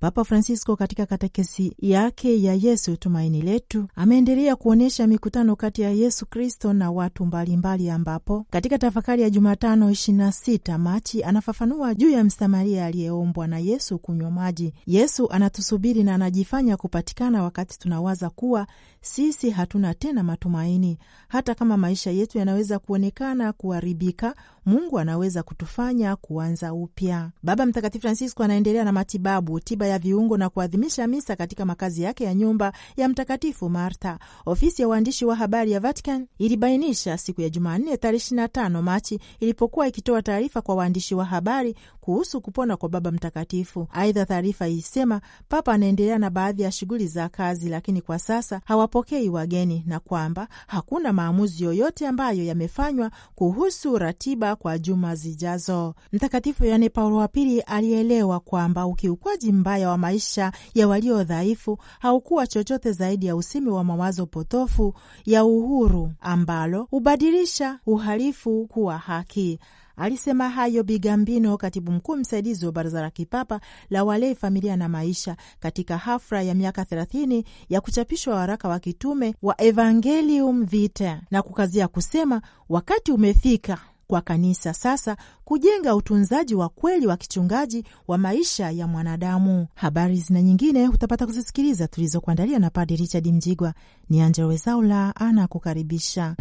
Papa Francisco katika katekesi yake ya Yesu tumaini letu ameendelea kuonyesha mikutano kati ya Yesu Kristo na watu mbalimbali mbali, ambapo katika tafakari ya Jumatano 26 Machi anafafanua juu ya Msamaria aliyeombwa na Yesu kunywa maji. Yesu anatusubiri na anajifanya kupatikana wakati tunawaza kuwa sisi hatuna tena matumaini, hata kama maisha yetu yanaweza kuonekana kuharibika Mungu anaweza kutufanya kuanza upya. Baba Mtakatifu Francisco anaendelea na matibabu, tiba ya viungo na kuadhimisha misa katika makazi yake ya nyumba ya Mtakatifu Marta. Ofisi ya waandishi wa habari ya Vatican ilibainisha siku ya Jumanne tarehe 25 Machi ilipokuwa ikitoa taarifa kwa waandishi wa habari kuhusu kupona kwa Baba Mtakatifu. Aidha, taarifa ilisema Papa anaendelea na baadhi ya shughuli za kazi, lakini kwa sasa hawapokei wageni na kwamba hakuna maamuzi yoyote ambayo yamefanywa kuhusu ratiba kwa juma zijazo. Mtakatifu Yohane Paulo wa Pili alielewa kwamba ukiukwaji mbaya wa maisha ya walio dhaifu haukuwa chochote zaidi ya usemi wa mawazo potofu ya uhuru ambalo hubadilisha uhalifu kuwa haki. Alisema hayo Bigambino, katibu mkuu msaidizi wa Baraza la Kipapa la Walei, Familia na Maisha, katika hafla ya miaka thelathini ya kuchapishwa waraka wa kitume wa Evangelium Vitae, na kukazia kusema wakati umefika kwa kanisa sasa kujenga utunzaji wa kweli wa kichungaji wa maisha ya mwanadamu. Habari zina nyingine utapata kuzisikiliza tulizokuandalia na Padre Richard Mjigwa. Ni Angella Rwezaula anakukaribisha.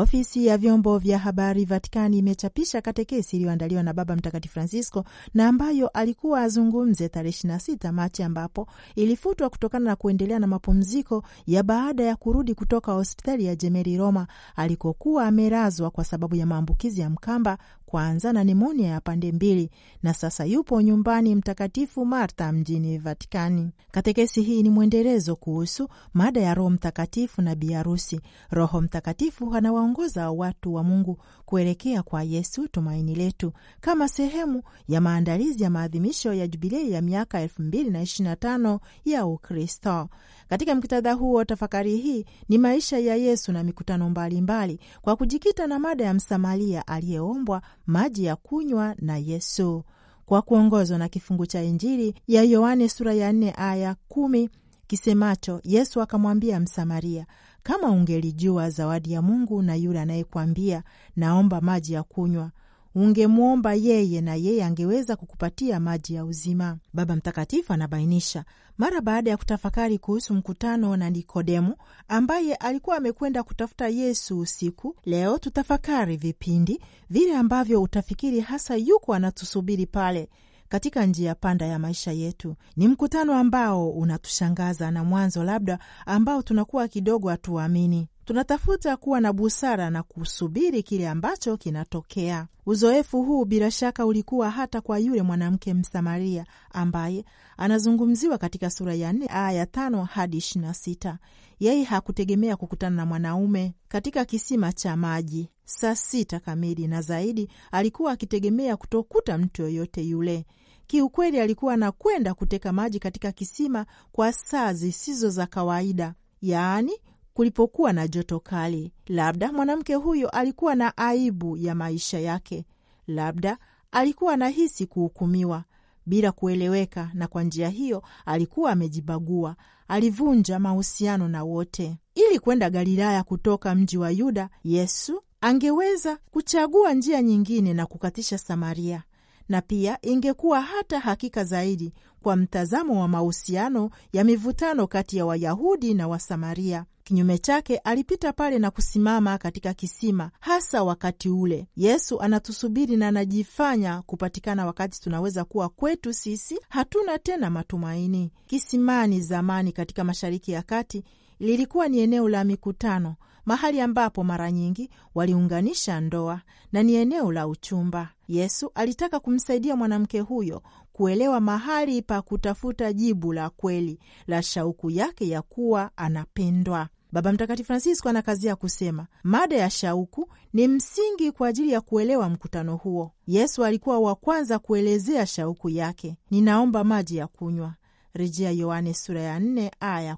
Ofisi ya vyombo vya habari Vatikani imechapisha katekesi iliyoandaliwa na Baba Mtakatifu Francisco na ambayo alikuwa azungumze tarehe 26 Machi, ambapo ilifutwa kutokana na kuendelea na mapumziko ya baada ya kurudi kutoka hospitali ya jemeri Roma alikokuwa amelazwa kwa sababu ya maambukizi ya mkamba kwanza na nimonia ya pande mbili, na sasa yupo nyumbani Mtakatifu martha mjini Vatikani. Katekesi hii ni mwendelezo kuhusu mada ya Roho Mtakatifu na biharusi. Roho Mtakatifu anawaongoza watu wa Mungu kuelekea kwa Yesu tumaini letu, kama sehemu ya maandalizi ya maadhimisho ya Jubilei ya miaka 2025 ya Ukristo. Katika muktadha huo wa tafakari hii ni maisha ya Yesu na mikutano mbalimbali mbali, kwa kujikita na mada ya Msamaria aliyeombwa maji ya kunywa na Yesu kwa kuongozwa na kifungu cha Injili ya Yohane sura ya nne aya kumi kisemacho Yesu akamwambia Msamaria, kama ungelijua zawadi ya Mungu na yule anayekwambia naomba maji ya kunywa ungemwomba yeye na yeye angeweza kukupatia maji ya uzima. Baba Mtakatifu anabainisha mara baada ya kutafakari kuhusu mkutano na Nikodemu ambaye alikuwa amekwenda kutafuta Yesu usiku. Leo tutafakari vipindi vile ambavyo utafikiri hasa yuko anatusubiri pale katika njia panda ya maisha yetu. Ni mkutano ambao unatushangaza na mwanzo labda ambao tunakuwa kidogo hatuamini, tunatafuta kuwa na busara na kusubiri kile ambacho kinatokea. Uzoefu huu bila shaka ulikuwa hata kwa yule mwanamke Msamaria ambaye anazungumziwa katika sura ya nne aya ya tano hadi ishirini na sita. Yeye hakutegemea kukutana na mwanaume katika kisima cha maji saa sita kamili, na zaidi alikuwa akitegemea kutokuta mtu yoyote yule. Kiukweli alikuwa anakwenda kuteka maji katika kisima kwa saa zisizo za kawaida, yaani kulipokuwa na joto kali. Labda mwanamke huyo alikuwa na aibu ya maisha yake, labda alikuwa anahisi kuhukumiwa bila kueleweka, na kwa njia hiyo alikuwa amejibagua. Alivunja mahusiano na wote. Ili kwenda Galilaya kutoka mji wa Yuda, Yesu angeweza kuchagua njia nyingine na kukatisha Samaria, na pia ingekuwa hata hakika zaidi kwa mtazamo wa mahusiano ya mivutano kati ya Wayahudi na Wasamaria kinyume chake alipita pale na kusimama katika kisima, hasa wakati ule. Yesu anatusubiri na anajifanya kupatikana wakati tunaweza kuwa kwetu sisi hatuna tena matumaini. Kisimani zamani katika Mashariki ya Kati lilikuwa ni eneo la mikutano, mahali ambapo mara nyingi waliunganisha ndoa na ni eneo la uchumba. Yesu alitaka kumsaidia mwanamke huyo kuelewa mahali pa kutafuta jibu la kweli la shauku yake ya kuwa anapendwa. Baba Mtakatifu Francisco anakazia kusema, mada ya shauku ni msingi kwa ajili ya kuelewa mkutano huo. Yesu alikuwa wa kwanza kuelezea shauku yake, ninaomba maji ya kunywa, rejea Yohane sura ya aya ya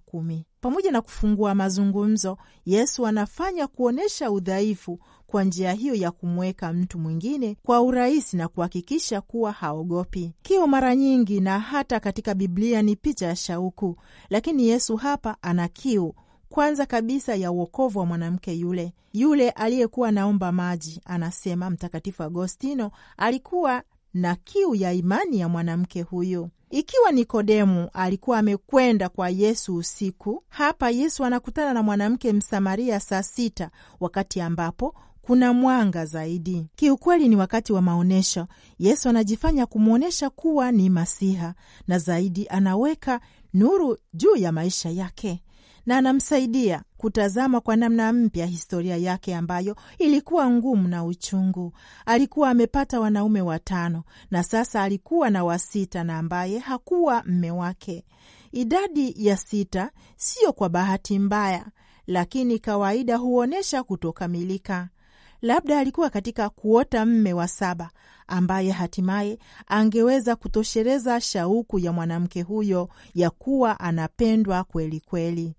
Pamoja na kufungua mazungumzo, Yesu anafanya kuonyesha udhaifu kwa njia hiyo ya kumweka mtu mwingine kwa urahisi na kuhakikisha kuwa haogopi. Kiu mara nyingi na hata katika Biblia ni picha ya shauku, lakini Yesu hapa ana kiu kwanza kabisa ya uokovu wa mwanamke yule yule aliyekuwa naomba maji. Anasema Mtakatifu Agostino alikuwa na kiu ya imani ya mwanamke huyu. Ikiwa Nikodemu alikuwa amekwenda kwa Yesu usiku, hapa Yesu anakutana na mwanamke Msamaria saa sita, wakati ambapo kuna mwanga zaidi. Kiukweli ni wakati wa maonyesho. Yesu anajifanya kumwonyesha kuwa ni Masiha, na zaidi anaweka nuru juu ya maisha yake na anamsaidia kutazama kwa namna mpya historia yake ambayo ilikuwa ngumu na uchungu. Alikuwa amepata wanaume watano na sasa alikuwa na wasita na ambaye hakuwa mme wake. Idadi ya sita siyo kwa bahati mbaya, lakini kawaida huonyesha kutokamilika. Labda alikuwa katika kuota mme wa saba ambaye hatimaye angeweza kutosheleza shauku ya mwanamke huyo ya kuwa anapendwa kweli kweli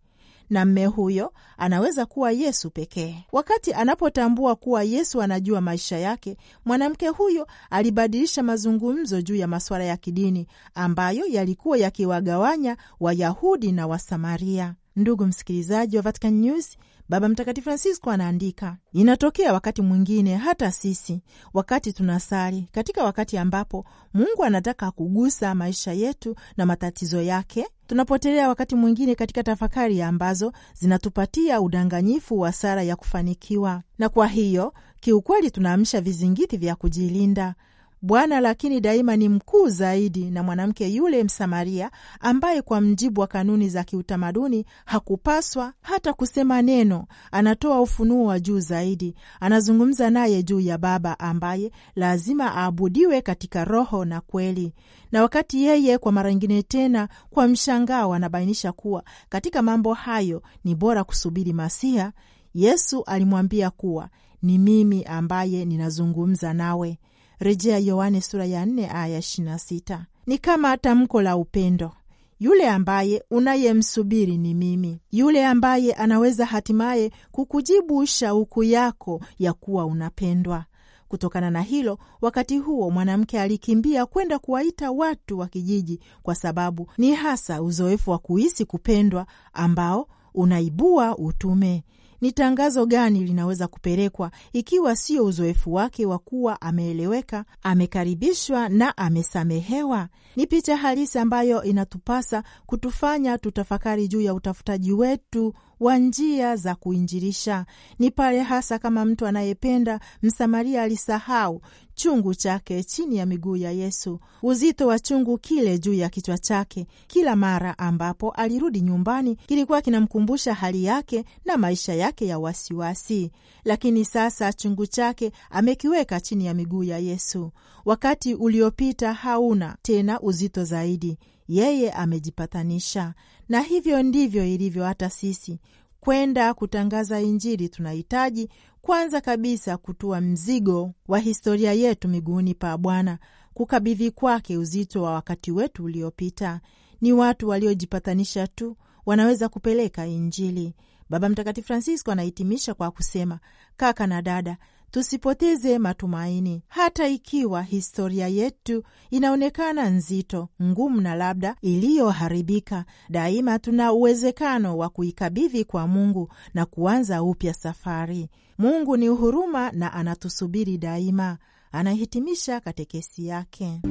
na mme huyo anaweza kuwa Yesu pekee. Wakati anapotambua kuwa Yesu anajua maisha yake, mwanamke huyo alibadilisha mazungumzo juu ya masuala ya kidini ambayo yalikuwa yakiwagawanya Wayahudi na Wasamaria. Ndugu msikilizaji wa Vatican News, Baba Mtakatifu Francisco anaandika, inatokea wakati mwingine hata sisi, wakati tunasali, katika wakati ambapo Mungu anataka kugusa maisha yetu na matatizo yake tunapotelea wakati mwingine katika tafakari ambazo zinatupatia udanganyifu wa sara ya kufanikiwa, na kwa hiyo kiukweli tunaamsha vizingiti vya kujilinda Bwana lakini daima ni mkuu zaidi, na mwanamke yule Msamaria ambaye kwa mjibu wa kanuni za kiutamaduni hakupaswa hata kusema neno, anatoa ufunuo wa juu zaidi. Anazungumza naye juu ya Baba ambaye lazima aabudiwe katika roho na kweli, na wakati yeye kwa mara nyingine tena kwa mshangao anabainisha kuwa katika mambo hayo ni bora kusubiri Masiha, Yesu alimwambia kuwa ni mimi ambaye ninazungumza nawe rejea Yohane sura ya 4 aya 26. Ni kama tamko la upendo: yule ambaye unayemsubiri ni mimi, yule ambaye anaweza hatimaye kukujibu shauku yako ya kuwa unapendwa. Kutokana na hilo, wakati huo mwanamke alikimbia kwenda kuwaita watu wa kijiji, kwa sababu ni hasa uzoefu wa kuhisi kupendwa ambao unaibua utume. Ni tangazo gani linaweza kupelekwa ikiwa sio uzoefu wake wa kuwa ameeleweka, amekaribishwa na amesamehewa? Ni picha halisi ambayo inatupasa kutufanya tutafakari juu ya utafutaji wetu wa njia za kuinjirisha. Ni pale hasa, kama mtu anayependa Msamaria alisahau chungu chake chini ya miguu ya Yesu, uzito wa chungu kile juu ya kichwa chake. Kila mara ambapo alirudi nyumbani, kilikuwa kinamkumbusha hali yake na maisha yake ya wasiwasi, lakini sasa chungu chake amekiweka chini ya miguu ya Yesu. Wakati uliopita hauna tena uzito zaidi, yeye amejipatanisha. Na hivyo ndivyo ilivyo hata sisi kwenda kutangaza Injili tunahitaji kwanza kabisa kutua mzigo wa historia yetu miguuni pa Bwana, kukabidhi kwake uzito wa wakati wetu uliopita. Ni watu waliojipatanisha tu wanaweza kupeleka Injili. Baba Mtakatifu Francisco anahitimisha kwa kusema, kaka na dada, tusipoteze matumaini, hata ikiwa historia yetu inaonekana nzito, ngumu na labda iliyoharibika. Daima tuna uwezekano wa kuikabidhi kwa Mungu na kuanza upya safari. Mungu ni huruma na anatusubiri daima, anahitimisha katekesi yake.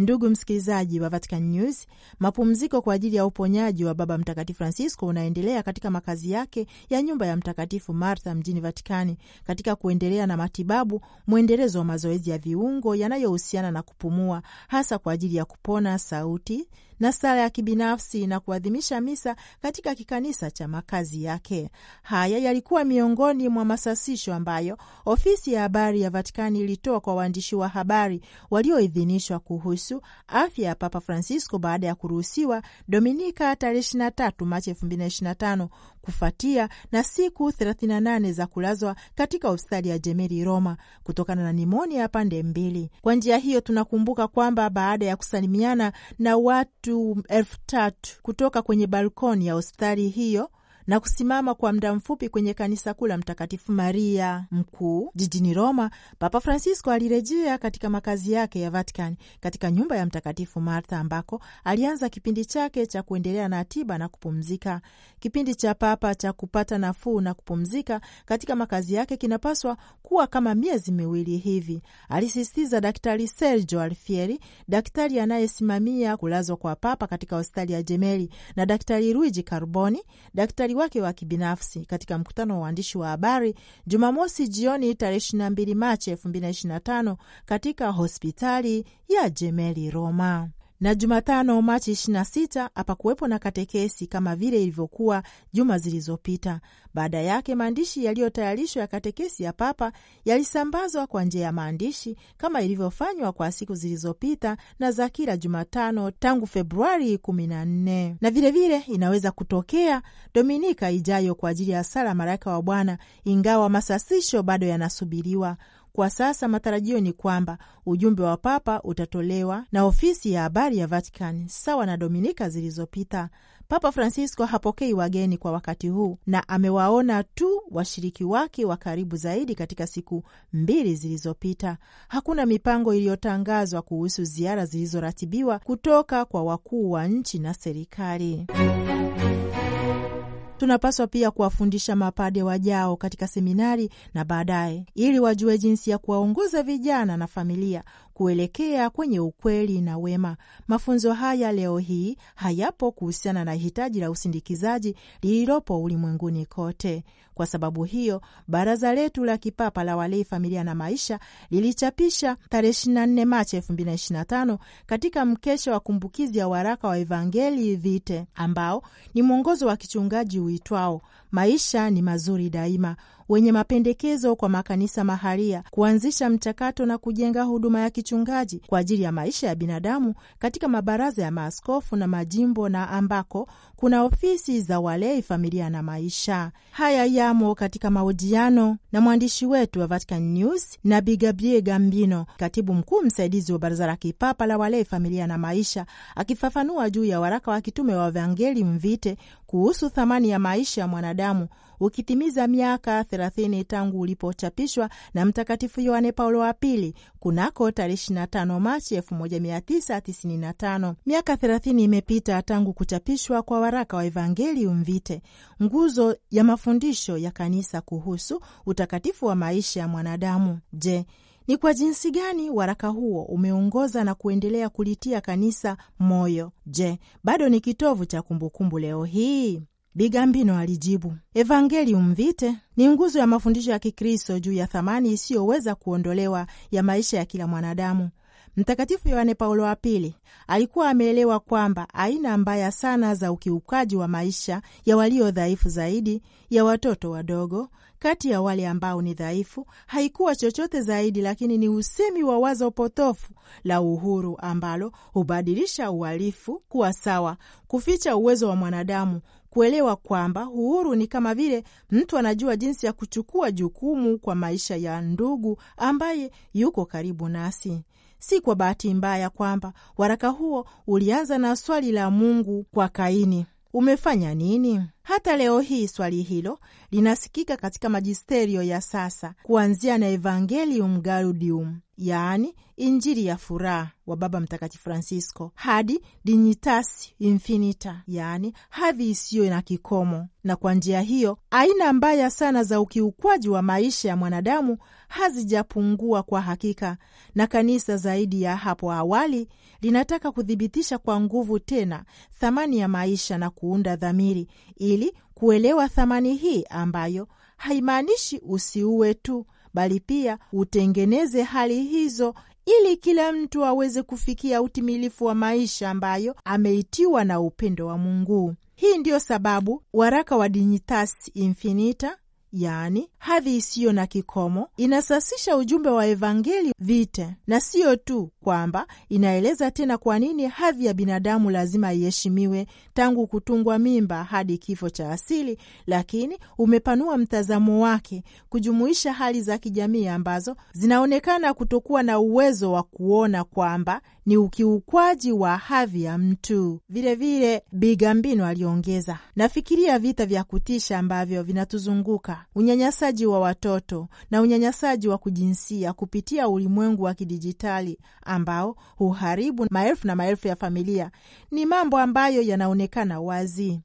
Ndugu msikilizaji wa Vatican News, mapumziko kwa ajili ya uponyaji wa Baba Mtakatifu Francisco unaendelea katika makazi yake ya nyumba ya Mtakatifu Martha mjini Vatikani, katika kuendelea na matibabu, mwendelezo wa mazoezi ya viungo yanayohusiana na kupumua, hasa kwa ajili ya kupona sauti na sala ya kibinafsi na kuadhimisha misa katika kikanisa cha makazi yake. Haya yalikuwa miongoni mwa masasisho ambayo ofisi ya habari ya Vatikani ilitoa kwa waandishi wa habari walioidhinishwa kuhusu afya ya Papa Francisco baada ya kuruhusiwa Dominika tarehe 23 Machi 2025 kufuatia na siku 38 za kulazwa katika hospitali ya jemeri Roma kutokana na nimonia ya pande mbili. Kwa njia hiyo tunakumbuka kwamba baada ya kusalimiana na watu elfu tatu kutoka kwenye balkoni ya hospitali hiyo na kusimama kwa muda mfupi kwenye kanisa kuu la Mtakatifu Maria Mkuu jijini Roma, Papa Francisco alirejea katika makazi yake ya vatican katika nyumba ya Mtakatifu Martha, ambako alianza kipindi chake cha kuendelea na tiba na kupumzika. Kipindi cha Papa cha kupata nafuu na kupumzika katika makazi yake kinapaswa kuwa kama miezi miwili hivi, alisisitiza Daktari Sergio Alfieri, daktari anayesimamia kulazwa kwa Papa katika hospitali ya Jemeli, na Daktari Luigi Carboni, daktari wake wa kibinafsi katika mkutano wa waandishi wa habari Jumamosi jioni tarehe 22 Machi 2025 katika hospitali ya Jemeli Roma na Jumatano Machi 26 hapakuwepo na katekesi kama vile ilivyokuwa juma zilizopita. Baada yake maandishi yaliyotayarishwa ya katekesi ya Papa yalisambazwa kwa njia ya maandishi kama ilivyofanywa kwa siku zilizopita na za kila Jumatano tangu Februari 14, na vilevile inaweza kutokea Dominika ijayo kwa ajili ya sala malaika wa Bwana, ingawa masasisho bado yanasubiriwa. Kwa sasa matarajio ni kwamba ujumbe wa papa utatolewa na ofisi ya habari ya Vatican sawa na Dominika zilizopita. Papa Francisco hapokei wageni kwa wakati huu na amewaona tu washiriki wake wa karibu zaidi katika siku mbili zilizopita. Hakuna mipango iliyotangazwa kuhusu ziara zilizoratibiwa kutoka kwa wakuu wa nchi na serikali. Tunapaswa pia kuwafundisha mapade wajao katika seminari na baadaye, ili wajue jinsi ya kuwaongoza vijana na familia kuelekea kwenye ukweli na wema. Mafunzo haya leo hii hayapo kuhusiana na hitaji la usindikizaji lililopo ulimwenguni kote. Kwa sababu hiyo baraza letu la kipapa la walei, familia na maisha lilichapisha tarehe 24 Machi 2025 katika mkesha wa kumbukizi ya waraka wa Evangelii Vitae ambao ni mwongozo wa kichungaji uitwao maisha ni mazuri daima, wenye mapendekezo kwa makanisa mahalia kuanzisha mchakato na kujenga huduma ya kichungaji kwa ajili ya maisha ya binadamu katika mabaraza ya maaskofu na majimbo na ambako kuna ofisi za walei, familia na maisha. Haya yamo katika mahojiano na mwandishi wetu wa Vatican News na Bigabie Gambino, katibu mkuu msaidizi wa Baraza la Kipapa la Walei, Familia na Maisha, akifafanua juu ya waraka wa kitume wa Evangelium Vitae kuhusu thamani ya maisha ya mwanadamu ukitimiza miaka thelathini tangu ulipochapishwa na Mtakatifu Yohane Paulo wa Pili kunako tarehe 25 Machi 1995. Miaka thelathini imepita tangu kuchapishwa kwa waraka wa Evangelium Vitae, nguzo ya mafundisho ya Kanisa kuhusu utakatifu wa maisha ya mwanadamu. Je, ni kwa jinsi gani waraka huo umeongoza na kuendelea kulitia kanisa moyo? Je, bado ni kitovu cha kumbukumbu leo hii? Bigambino alijibu, Evangelium Vitae ni nguzo ya mafundisho ya Kikristo juu ya thamani isiyoweza kuondolewa ya maisha ya kila mwanadamu. Mtakatifu Yohane Paulo wa Pili alikuwa ameelewa kwamba aina mbaya sana za ukiukaji wa maisha ya walio dhaifu zaidi, ya watoto wadogo kati ya wale ambao ni dhaifu haikuwa chochote zaidi, lakini ni usemi wa wazo potofu la uhuru ambalo hubadilisha uhalifu kuwa sawa, kuficha uwezo wa mwanadamu kuelewa kwamba uhuru ni kama vile mtu anajua jinsi ya kuchukua jukumu kwa maisha ya ndugu ambaye yuko karibu nasi. Si kwa bahati mbaya kwamba waraka huo ulianza na swali la Mungu kwa Kaini, umefanya nini? Hata leo hii swali hilo linasikika katika majisterio ya sasa kuanzia na Evangelium Gaudium, yaani Injili ya furaha wa Baba Mtakatifu Francisco hadi Dignitas Infinita, yaani hadhi isiyo na kikomo. Na kwa njia hiyo aina mbaya sana za ukiukwaji wa maisha ya mwanadamu hazijapungua kwa hakika, na kanisa zaidi ya hapo awali linataka kuthibitisha kwa nguvu tena thamani ya maisha na kuunda dhamiri ili kuelewa thamani hii ambayo haimaanishi usiue tu, bali pia utengeneze hali hizo ili kila mtu aweze kufikia utimilifu wa maisha ambayo ameitiwa na upendo wa Mungu. Hii ndiyo sababu waraka wa Dignitas Infinita yaani hadhi isiyo na kikomo, inasasisha ujumbe wa Evangeli vite, na siyo tu kwamba inaeleza tena kwa nini hadhi ya binadamu lazima iheshimiwe tangu kutungwa mimba hadi kifo cha asili, lakini umepanua mtazamo wake kujumuisha hali za kijamii ambazo zinaonekana kutokuwa na uwezo wa kuona kwamba ni ukiukwaji wa hadhi ya mtu. Vilevile Bigambino aliongeza, nafikiria vita vya kutisha ambavyo vinatuzunguka, unyanyasaji wa watoto na unyanyasaji wa kijinsia kupitia ulimwengu wa kidijitali ambao huharibu maelfu na maelfu ya familia, ni mambo ambayo yanaonekana wazi.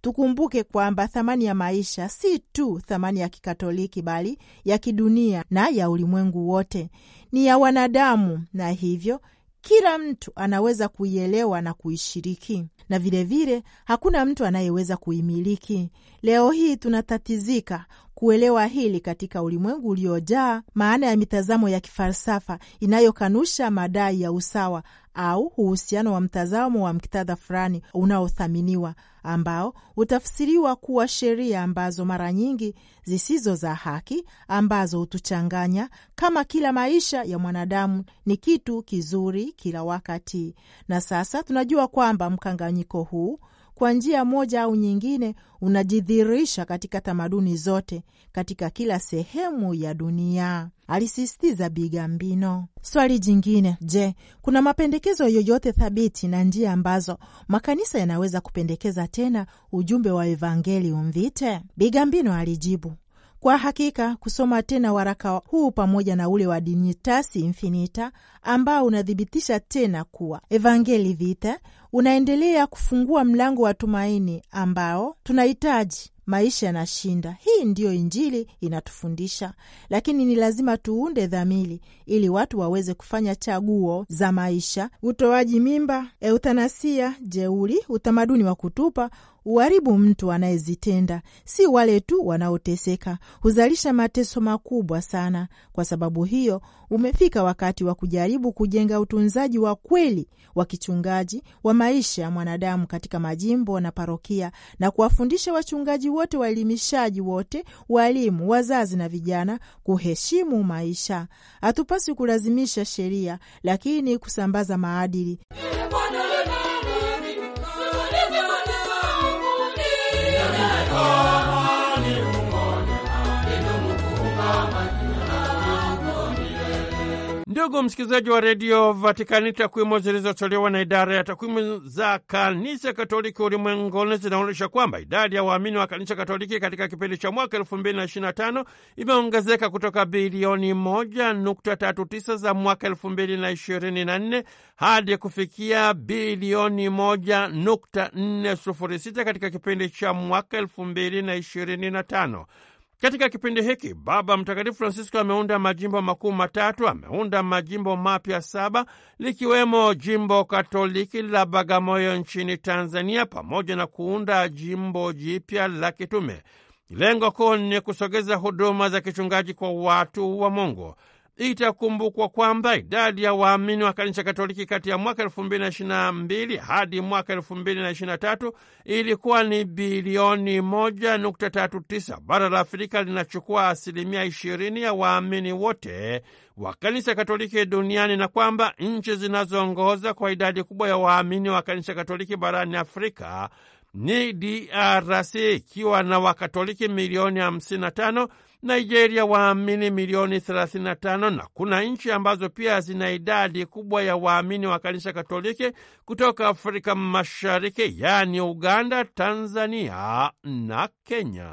Tukumbuke kwamba thamani ya maisha si tu thamani ya Kikatoliki bali ya kidunia na ya ulimwengu wote, ni ya wanadamu, na hivyo kila mtu anaweza kuielewa na kuishiriki, na vilevile vile, hakuna mtu anayeweza kuimiliki. Leo hii tunatatizika kuelewa hili katika ulimwengu uliojaa maana ya mitazamo ya kifalsafa inayokanusha madai ya usawa au uhusiano wa mtazamo wa mkitadha fulani unaothaminiwa ambao hutafsiriwa kuwa sheria ambazo mara nyingi zisizo za haki ambazo hutuchanganya kama kila maisha ya mwanadamu ni kitu kizuri kila wakati. Na sasa tunajua kwamba mkanganyiko huu kwa njia moja au nyingine unajidhirisha katika tamaduni zote katika kila sehemu ya dunia, alisisitiza Bigambino. Swali jingine: je, kuna mapendekezo yoyote thabiti na njia ambazo makanisa yanaweza kupendekeza tena ujumbe wa Evangelium Vitae? Bigambino alijibu, kwa hakika kusoma tena waraka huu pamoja na ule wa dinitasi Infinita ambao unathibitisha tena kuwa evangeli Vita unaendelea kufungua mlango wa tumaini ambao tunahitaji maisha yanashinda. Hii ndiyo Injili inatufundisha, lakini ni lazima tuunde dhamiri ili watu waweze kufanya chaguo za maisha: utoaji mimba, euthanasia, jeuri, utamaduni wa kutupa, Uharibu mtu anayezitenda, si wale tu wanaoteseka, huzalisha mateso makubwa sana. Kwa sababu hiyo, umefika wakati wa kujaribu kujenga utunzaji wa kweli wa kichungaji wa maisha ya mwanadamu katika majimbo na parokia, na kuwafundisha wachungaji wote, waelimishaji wote, walimu, wazazi na vijana kuheshimu maisha. Hatupaswi kulazimisha sheria, lakini kusambaza maadili. Ndugu msikilizaji wa redio Vatikani, takwimu zilizotolewa na idara ya takwimu za kanisa Katoliki ulimwenguni zinaonyesha kwamba idadi ya waamini wa kanisa Katoliki katika kipindi cha mwaka elfu mbili na ishiri na tano imeongezeka kutoka bilioni moja nukta tatu tisa za mwaka elfu mbili na ishirini na nne hadi kufikia bilioni moja nukta nne sufuri sita katika kipindi cha mwaka elfu mbili na ishirini na tano. Katika kipindi hiki Baba Mtakatifu Francisco ameunda majimbo makuu matatu. Ameunda majimbo mapya saba likiwemo jimbo Katoliki la Bagamoyo nchini Tanzania, pamoja na kuunda jimbo jipya la kitume. Lengo kuu ni kusogeza huduma za kichungaji kwa watu wa Mungu. Itakumbukwa kwamba idadi ya waamini wa kanisa Katoliki kati ya mwaka elfu mbili na na mbili hadi mwaka elfu mbili na na tatu ilikuwa ni bilioni moja nukta tatu tisa. Bara la Afrika linachukua asilimia ishirini ya waamini wote wa kanisa Katoliki duniani na kwamba nchi zinazoongoza kwa idadi kubwa ya waamini wa kanisa Katoliki barani Afrika ni DRC ikiwa na Wakatoliki milioni 55 Nigeria waamini milioni 35 na kuna nchi ambazo pia zina idadi kubwa ya waamini wa kanisa Katoliki kutoka Afrika Mashariki, yaani Uganda, Tanzania na Kenya.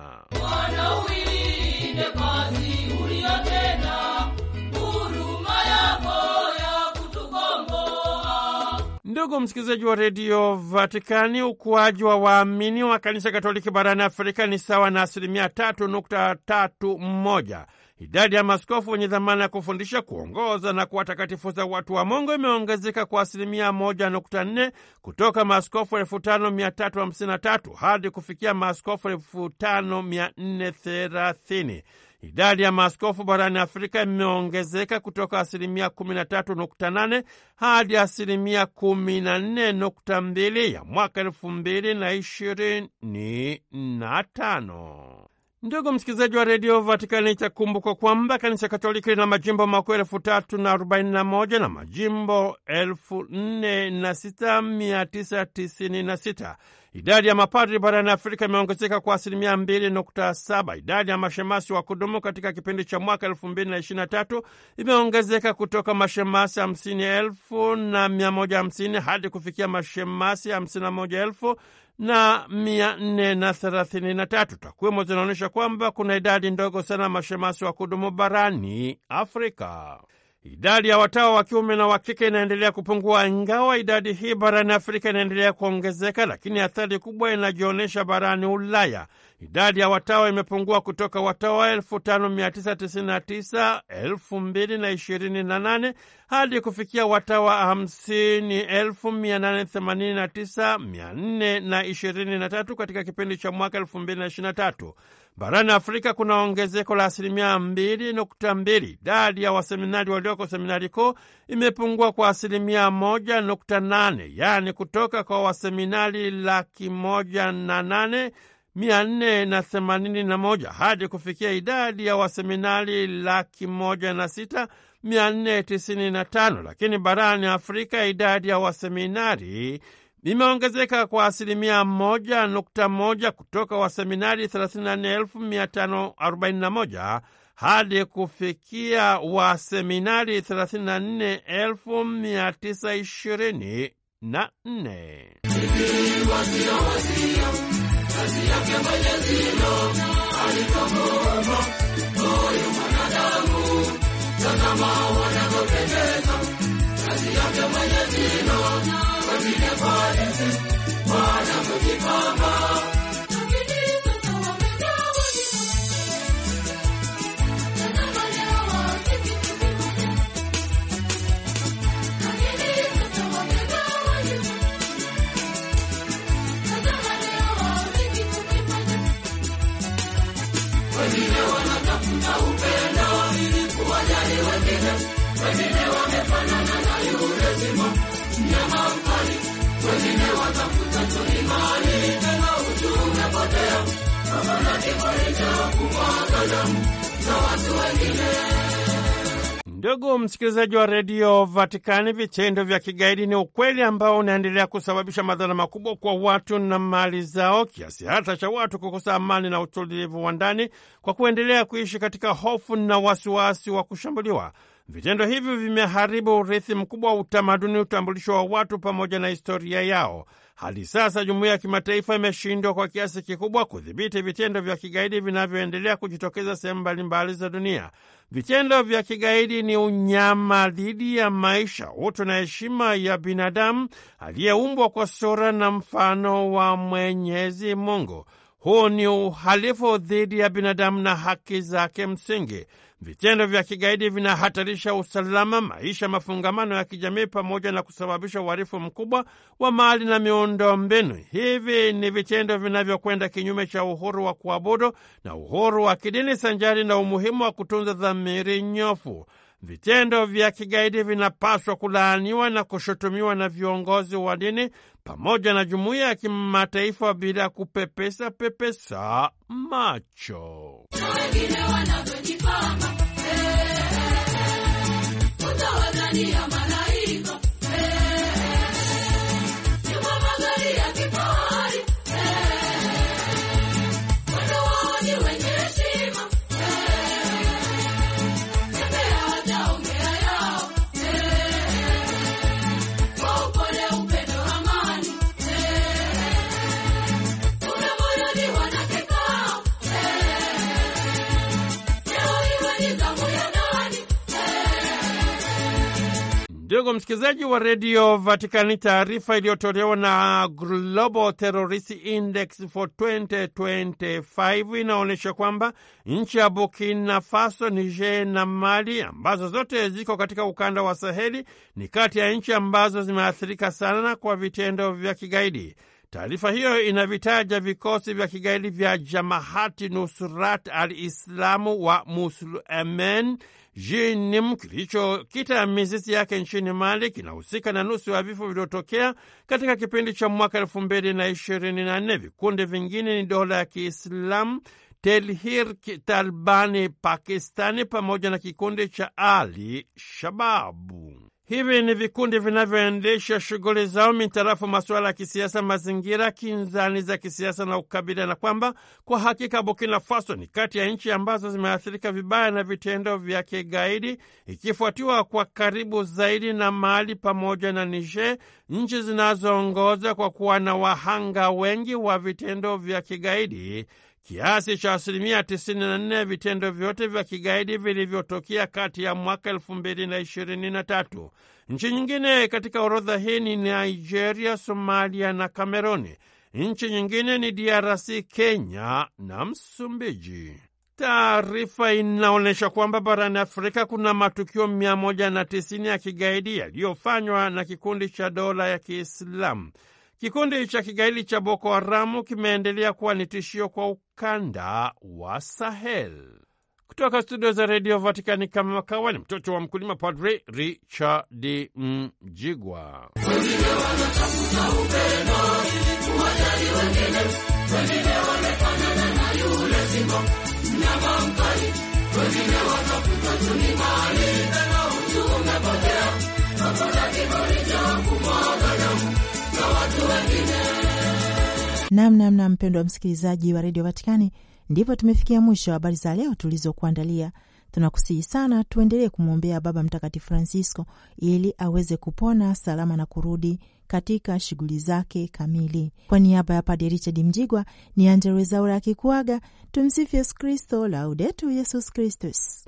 Ndugu msikilizaji wa redio Vatikani, ukuaji wa waamini wa kanisa Katoliki barani Afrika ni sawa na asilimia tatu nukta tatu mmoja. Idadi ya maskofu wenye dhamana ya kufundisha, kuongoza na kuwatakatifuza watu wa Mungu imeongezeka kwa asilimia moja nukta nne kutoka maskofu elfu tano mia tatu hamsini na tatu hadi kufikia maskofu elfu tano mia nne thelathini. Idadi ya maaskofu barani Afrika imeongezeka kutoka asilimia 13.8 hadi asilimia 14.2 ya mwaka elfu na ishirini na tano. Ndugu msikilizaji wa redio Vatikani, itakumbukwa kwamba kanisa Katoliki lina majimbo makuu elfu tatu na arobaini na moja na majimbo elfu nne na sita mia tisa tisini na sita. Idadi ya mapadri barani Afrika imeongezeka kwa asilimia mbili nukta saba. Idadi ya mashemasi wa kudumu katika kipindi cha mwaka elfu mbili na ishirini na tatu imeongezeka kutoka mashemasi hamsini elfu na mia moja hamsini hadi kufikia mashemasi hamsini na moja elfu na mia nne na thelathini na tatu. Takwimu zinaonyesha kwamba kuna idadi ndogo sana mashemasi wa kudumu barani Afrika. Idadi ya watawa wa kiume na wa kike inaendelea kupungua, ingawa idadi hii barani Afrika inaendelea kuongezeka, lakini athari kubwa inajionyesha barani Ulaya idadi ya watawa imepungua kutoka watawa 5999 2028 hadi kufikia watawa 50889 katika kipindi cha mwaka 2023. Barani Afrika kuna ongezeko la asilimia mbili nukta mbili. Idadi ya waseminari walioko seminari kuu imepungua kwa asilimia moja nukta nane yaani kutoka kwa waseminari laki moja na nane mia nne na themanini hadi kufikia idadi ya waseminari laki moja na sita mia tisini na tano lakini barani Afrika idadi ya waseminari imeongezeka kwa asilimia moja nukta moja kutoka waseminari 34541 hadi kufikia waseminari 34924 kazi yake Mwenyezi alikomuumba huyu mwanadamu, tazama wanavyopendeza kazi yake Mwenyezi wengine kwa hizi wanavyojipamba na watu wengine. Ndugu msikilizaji wa redio Vatikani, vitendo vya kigaidi ni ukweli ambao unaendelea kusababisha madhara makubwa kwa watu na mali zao, kiasi hata cha watu kukosa amani na utulivu wa ndani kwa kuendelea kuishi katika hofu na wasiwasi wa kushambuliwa. Vitendo hivi vimeharibu urithi mkubwa wa utamaduni, utambulisho wa watu pamoja na historia yao. Hadi sasa jumuiya ya kimataifa imeshindwa kwa kiasi kikubwa kudhibiti vitendo vya kigaidi vinavyoendelea kujitokeza sehemu mbalimbali za dunia. Vitendo vya kigaidi ni unyama dhidi ya maisha, utu na heshima ya binadamu aliyeumbwa kwa sura na mfano wa Mwenyezi Mungu. Huu ni uhalifu dhidi ya binadamu na haki zake msingi. Vitendo vya kigaidi vinahatarisha usalama, maisha, mafungamano ya kijamii pamoja na kusababisha uharifu mkubwa wa mali na miundombinu. Hivi ni vitendo vinavyokwenda kinyume cha uhuru wa kuabudu na uhuru wa kidini, sanjari na umuhimu wa kutunza dhamiri nyofu. Vitendo vya kigaidi vinapaswa kulaaniwa na kushutumiwa na viongozi wa dini pamoja na jumuiya ya kimataifa bila kupepesa pepesa macho. Ndugu msikilizaji wa redio Vatikani, taarifa iliyotolewa na Global Terrorist Index for 2025 inaonyesha kwamba nchi ya Burkina Faso, Niger na Mali ambazo zote ziko katika ukanda wa Saheli ni kati ya nchi ambazo zimeathirika sana kwa vitendo vya kigaidi. Taarifa hiyo inavitaja vikosi vya kigaidi vya Jamahati Nusrat al Islamu wa Muslimen Jinim kilichokita mizizi yake nchini Mali kinahusika na nusu ya vifo vilivyotokea katika kipindi cha mwaka elfu mbili na ishirini na nne. Vikundi vingine ni dola ya Kiislamu Telhir Talbani Pakistani pamoja na kikundi cha Ali Shababu. Hivi ni vikundi vinavyoendesha shughuli zao mitarafu masuala ya kisiasa, mazingira, kinzani za kisiasa na ukabila, na kwamba kwa hakika Burkina Faso ni kati ya nchi ambazo zimeathirika vibaya na vitendo vya kigaidi, ikifuatiwa kwa karibu zaidi na Mali pamoja na Niger, nchi zinazoongoza kwa kuwa na wahanga wengi wa vitendo vya kigaidi kiasi cha asilimia 94 ya vitendo vyote vya kigaidi vilivyotokea kati ya mwaka 2023. Nchi nyingine katika orodha hii ni Nigeria, Somalia na Kameroni. Nchi nyingine ni DRC, Kenya na Msumbiji. Taarifa inaonyesha kwamba barani Afrika kuna matukio 190 ya kigaidi yaliyofanywa na kikundi cha dola ya Kiislamu. Kikundi cha kigaidi cha Boko Haramu kimeendelea kuwa ni tishio kwa ukanda wa Sahel. Kutoka studio za redio Vatikani, kama makawa ni mtoto wa mkulima, Padri Richard Mjigwa. Namnamna wa msikilizaji wa redio Vatikani, ndipo tumefikia mwisho wa habari za leo tulizokuandalia. Tunakusihi sana tuendelee kumwombea Baba Mtakatifu Francisco ili aweze kupona salama na kurudi katika shughuli zake kamili. Kwa niaba ya Padre Richard Mjigwa ni Angella Rwezaura akikuaga. Tumsifu Yesu Kristo, laudetu Yesus Kristus.